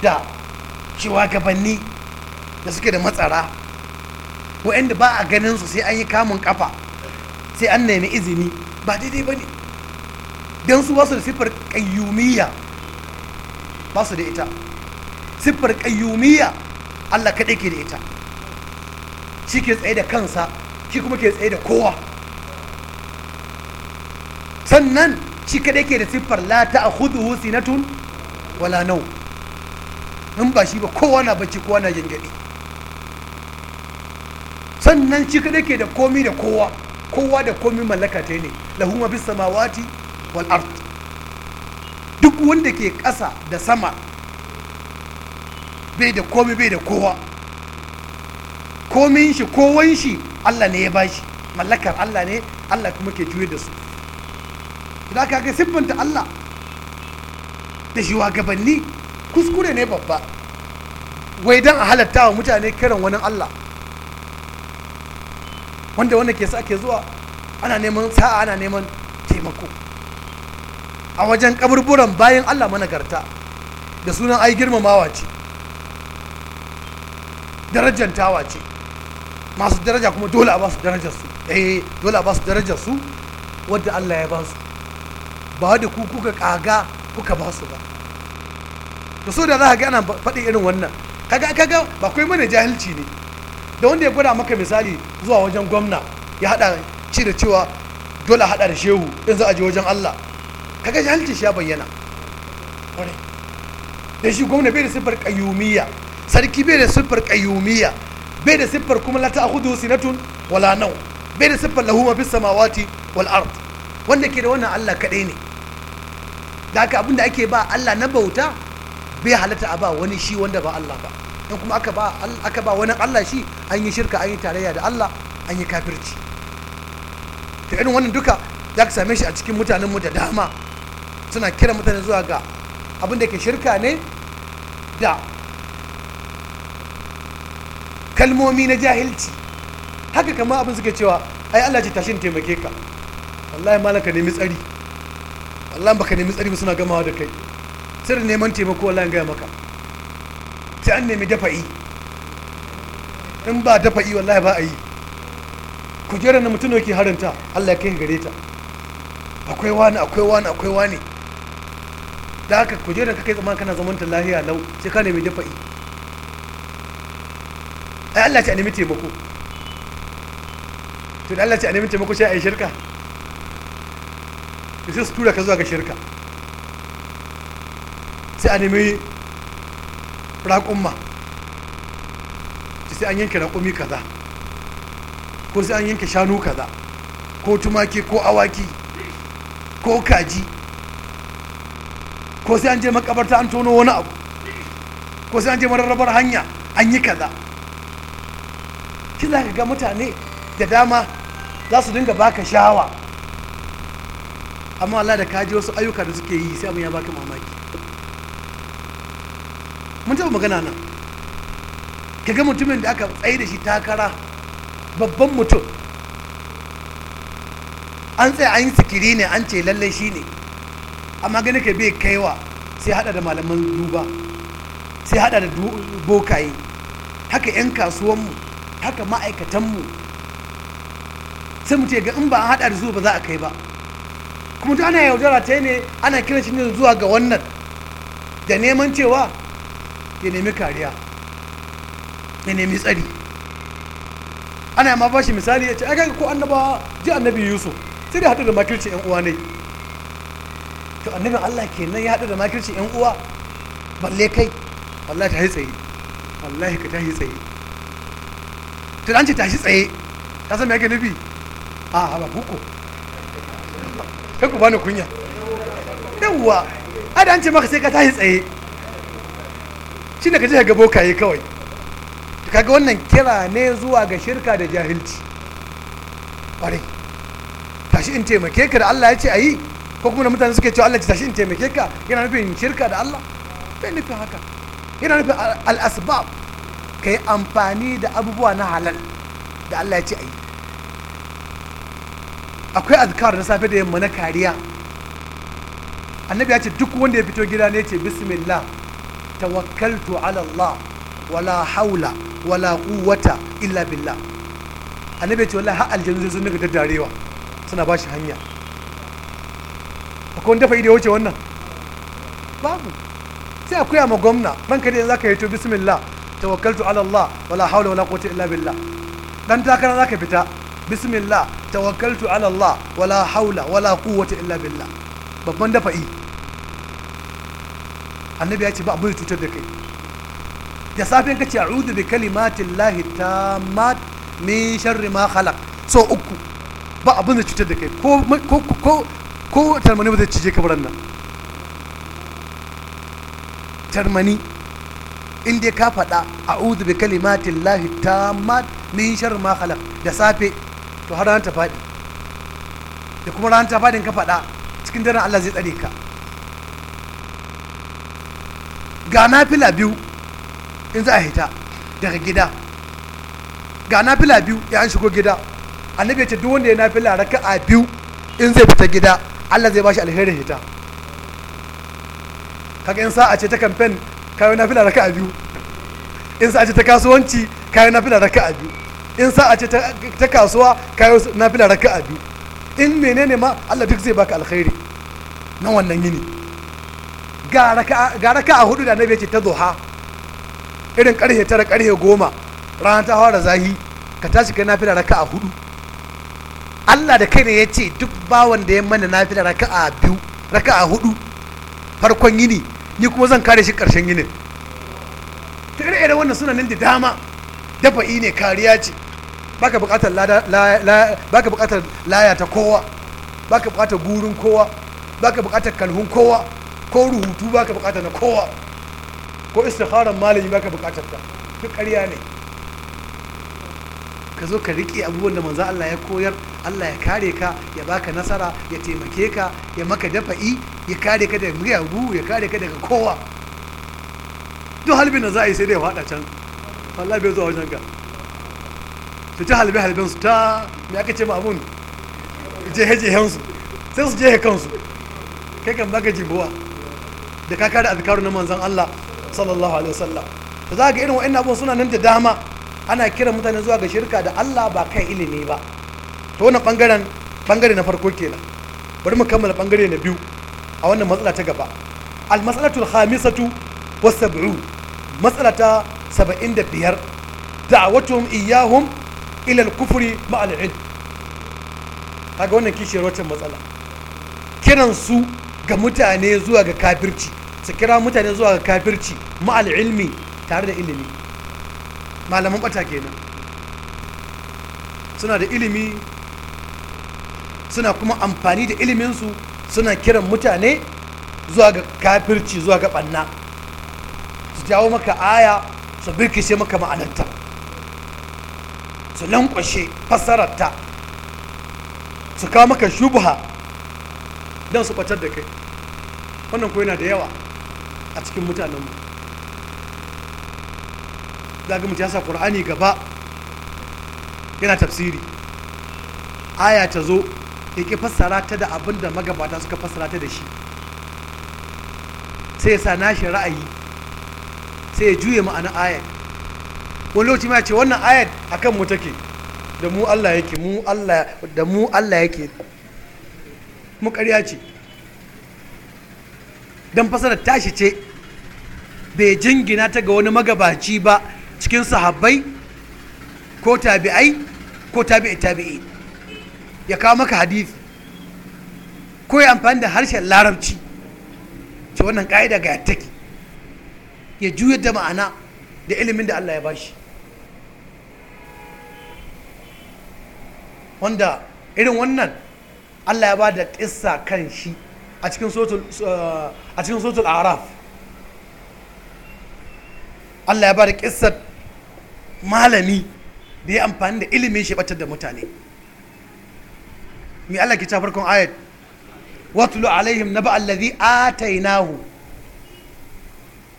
da cewa gabanni da suke da matsara wa'anda ba a ganin su sai an yi kamun kafa sai an nemi izini ba daidai ba ne don su wasu da siffar ƙayyumiyya ba su da ita siffar ƙayyumiyya Allah kaɗai ke da ita shi ke tsaye da kansa shi kuma ke tsaye da kowa sannan shi kaɗai ke da siffar la ta a hudu tun wala nau in ba shi ba kowa na bacci kowa na jingaɗi sannan shi kaɗai ke da komi da kowa kowa da komi mallaka ta ne lahu ma bis samawati duk wanda ke ƙasa da sama bai da komi bai da kowa komin shi kowan shi Allah ne ya bashi mallakar Allah ne Allah kuma ke juye da su idan ka ga siffanta Allah da shugabanni kuskure ne babba wai don a halatta wa mutane kiran wani Allah wanda wanda ke sa ake zuwa ana neman sa'a ana neman taimako a wajen kaburburan bayan Allah managarta da sunan ai girmamawa ce darajantawa ce masu daraja kuma dole a basu darajarsu eh dole a basu darajarsu wadda Allah ya basu ba da ku kuka kaga kuka basu ba da so da za ka ga ana faɗi irin wannan kaga kaga ba kai mana jahilci ne da wanda ya gwada maka misali zuwa wajen gwamna ya hada ci da cewa dole a hada da shehu in za a je wajen Allah kaga jahilcin shi ya bayyana ƙwarai da shi gwamna bai da siffar ƙayyumiyya sarki bai da siffar ƙayyumiyya bai da siffar kuma a hudu sinatun wala naw bai da siffar lahuma ma samawati wal ard wanda ke da wannan Allah kadai ne da haka abinda ake ba Allah na bauta bai halatta a ba wani shi wanda ba Allah ba in kuma aka ba aka ba wani Allah shi an yi shirka an yi tarayya da Allah an yi kafirci to irin wannan duka za ka same shi a cikin mutanen mu da dama suna kira mutane zuwa ga abin da ke shirka ne da kalmomi na jahilci haka kama abin suke cewa ai Allah ce tashin taimake ka wallahi malam ka nemi tsari wallahi baka nemi tsari ba suna gamawa da kai sir neman taimako wallahi ga maka sai an nemi dafa'i in ba dafa'i wallahi ba a yi kujerar na mutum ke harinta Allah ya kai gare ta akwai wani akwai wani akwai wani da haka kujerar ka kai tsammanin kana zaman ta lahiya lau sai ka nemi dafa'i ai Allah ce a nemi taimako to da Allah ce a nemi taimako sai a yi shirka sai su tura ka zuwa ga shirka sai a nemi raƙumma sai an yanke raƙumi kaza ko sai an yanke shanu kaza ko tumaki ko awaki ko kaji ko sai an je makabarta an tono wani abu ko sai an je mararrabar hanya an yi kaza kina ga mutane da dama za su dinga baka shawa amma Allah da kaji wasu ayyuka da suke yi sai abin ya baka mamaki mun taɓa magana nan kaga mutumin da aka tsaye da shi takara babban mutum an tsaye an yi sikiri ne an ce lallai shi ne amma gani ka bai kaiwa sai hada da malaman duba sai hada da bokaye haka 'yan kasuwanmu haka ma'aikatanmu sai mu ce ga in ba an hada da su ba za a kai ba kuma duk ana yaudara ta ne ana kira shi ne zuwa ga wannan da neman cewa ya nemi kariya ya nemi tsari ana ma ba shi misali ya ce ai ko annabawa ji annabi yusuf sai da haɗu da makirci yan uwa ne to annabin Allah ke nan ya haɗu da makirci yan uwa balle kai wallahi ta yi tsaye wallahi ka ta yi tsaye to an ce tashi tsaye ka san me yake nufi a ba buko kai ku bani kunya yawwa a da an ce maka sai ka ta yi tsaye shi ne ka ji ga bokaye kawai to kaga wannan kira ne zuwa ga shirka da jahilci ƙwarai tashi in taimake ka da Allah ya ce a yi ko kuma da mutane suke cewa Allah ki tashi in taimake ka yana nufin shirka da Allah bai nufin haka yana nufin al'asbab ka yi amfani da abubuwa na halal da Allah ya ce a yi akwai azkar na safe da yamma na kariya annabi ya ce duk wanda ya fito gida ne ce bismillah tawakkaltu ala Allah wala haula wala quwwata illa billah annabi ya ce wallahi har aljanu sun daga daddarewa suna ba shi hanya akwai wani dafa da wuce wannan babu sai a koya ma gwamna ranka ne za ka yi to bismillah tawakkaltu ala Allah wala hawla wala quwwata illa billah dan takara za ka fita bismillah tawakkaltu ala Allah wala hawla wala quwwata illa billah babban dafa dafa'i annabi ya ce ba abu ya cutar da kai da safe ka ce a'udhu bi kalimatin lahi tammat min sharri ma khalaq so uku ba abin da cutar da kai ko ko ko tarmani ba zai cije ka baran nan tarmani in dai ka faɗa a'udhu bi kalimatin lahi tammat min sharri da safe to har ran ta faɗi da kuma ran ta faɗin ka faɗa cikin daren Allah zai tsare ka ga nafila biyu in za a hita daga gida ga nafila biyu ya an shigo gida annabi ya ce duk wanda ya nafila a biyu in zai fita gida Allah zai bashi alherin hita kaga in sa'a ce ta kamfen kayo na fila raka a biyu in sa'a ce ta kasuwanci kayo na fila raka a biyu in sa'a ce ta kasuwa kayo na fila raka a biyu in menene ma Allah duk zai baka alkhairi na wannan yini ga raka a hudu da annabi ce ta zuha irin karhe tara karhe goma rana ta fara zahi ka tashi kai na fila raka a hudu Allah da kai ne ya ce duk bawan da ya mana na nafila raka'a biyu raka'a hudu farkon yini ni kuma zan kare shi karshen yinin ta ire wannan suna nan da dama dafa yi ne kariya ce baka bukatar baka bukatar laya ta kowa baka bukatar gurin kowa baka bukatar kalhun kowa ko rubutu baka bukatar na kowa ko istikharar malami baka bukatar ta duk ƙarya ne ka zo ka riƙe abubuwan da manzo Allah ya koyar Allah ya kare ka ya baka nasara ya taimake ka ya maka dafa'i ya kare ka daga miyagu ya kare ka daga kowa duk halbin da za a yi sai dai faɗa can Allah bai zuwa wajen ka su ta halbe halben su ta me aka ce ma abun jehe jehen su sai su jehe kansu kai kan baka jibuwa da ka kare azkaru na manzon Allah sallallahu alaihi wasallam da za ga irin wa'annan abubuwan suna nan da dama ana kira mutane zuwa ga shirka da Allah ba kai ilimi ba to wannan bangaren bangare na farko kenan bari mu kammala bangare na biyu a wannan matsala ta gaba al al khamisatu wa sab'u mas'alata 75 da'watuhum iyyahum ila al kufri ma al ilm kaga wannan kishiyar wacce matsala kiran su ga mutane zuwa ga kafirci su kira mutane zuwa ga kafirci ma al ilmi tare da ilimi malaman bata kenan suna da ilimi suna kuma amfani da iliminsu suna kiran mutane zuwa ga kafirci zuwa ga ɓanna su jawo maka aya su birkishe maka ma'anarta su lankwashe fasararta su kawo maka shubha don su ɓatar da kai wannan ko yana da yawa a cikin mutanenmu za ga mutum ya sa gaba yana tafsiri aya ta zo ya ki fassara ta da abin da magabata suka fassara ta da shi sai ya sa nashi ra'ayi sai ya juye ma'ana ayat wani lokaci ma ya ce wannan ayat akan mu take da mu Allah yake mu Allah da mu Allah yake mu ƙarya ce don fasarar tashi ce bai jingina ta ga wani magabaci ba cikin sahabbai ko tabi'ai ko tabi'i tabi'i ya kawo maka hadisi ko ya amfani da harshen larabci ce wannan ka'ida ga take ya juya da ma'ana da ilimin da Allah ya bashi wanda irin wannan Allah ya ba da ƙissa kan shi a cikin sotul uh, araf Allah ya bada kissar malami da ya amfani da ilimin shi batar da mutane mai Allah ke ta farkon ayat watlu alaihim naba A atainahu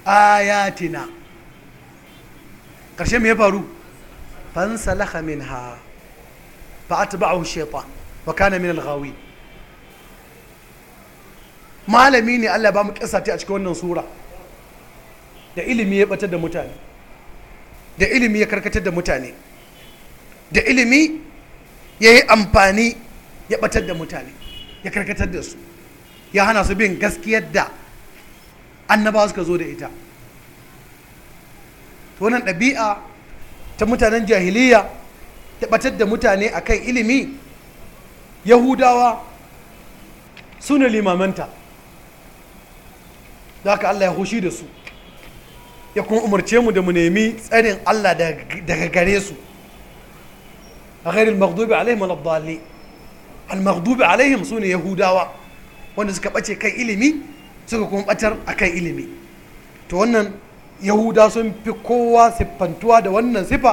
ayatina karshe me ya faru min ha. Ba fansalakha minha fa'atba'ahu shaytan wa kana min al malami ne Allah ya ba mu kissa ta a cikin wannan sura da ilimi ya batar da mutane da ilimi ya karkatar da mutane da ilimi ya yi amfani ya batar da mutane ya karkatar da su ya hana su bin gaskiyar da annaba suka zo da ita wannan ɗabi'a ta mutanen jahiliya ta batar da mutane a kan ilimi yahudawa su ne limamanta za ka allah ya hushi da su ya kuma umarce mu da mu nemi tsarin Allah daga gare su a ghairil maghdubi alaihim al-dhalli al-maghdubi alaihim sune yahudawa wanda suka bace kai ilimi suka kuma batar akan ilimi to wannan yahuda sun fi kowa siffantuwa da wannan sifa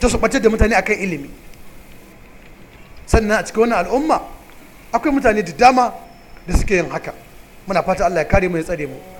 ta su bace da mutane akan ilimi sannan a cikin wannan al'umma akwai mutane da dama da suke yin haka muna fata Allah ya kare mu ya tsare mu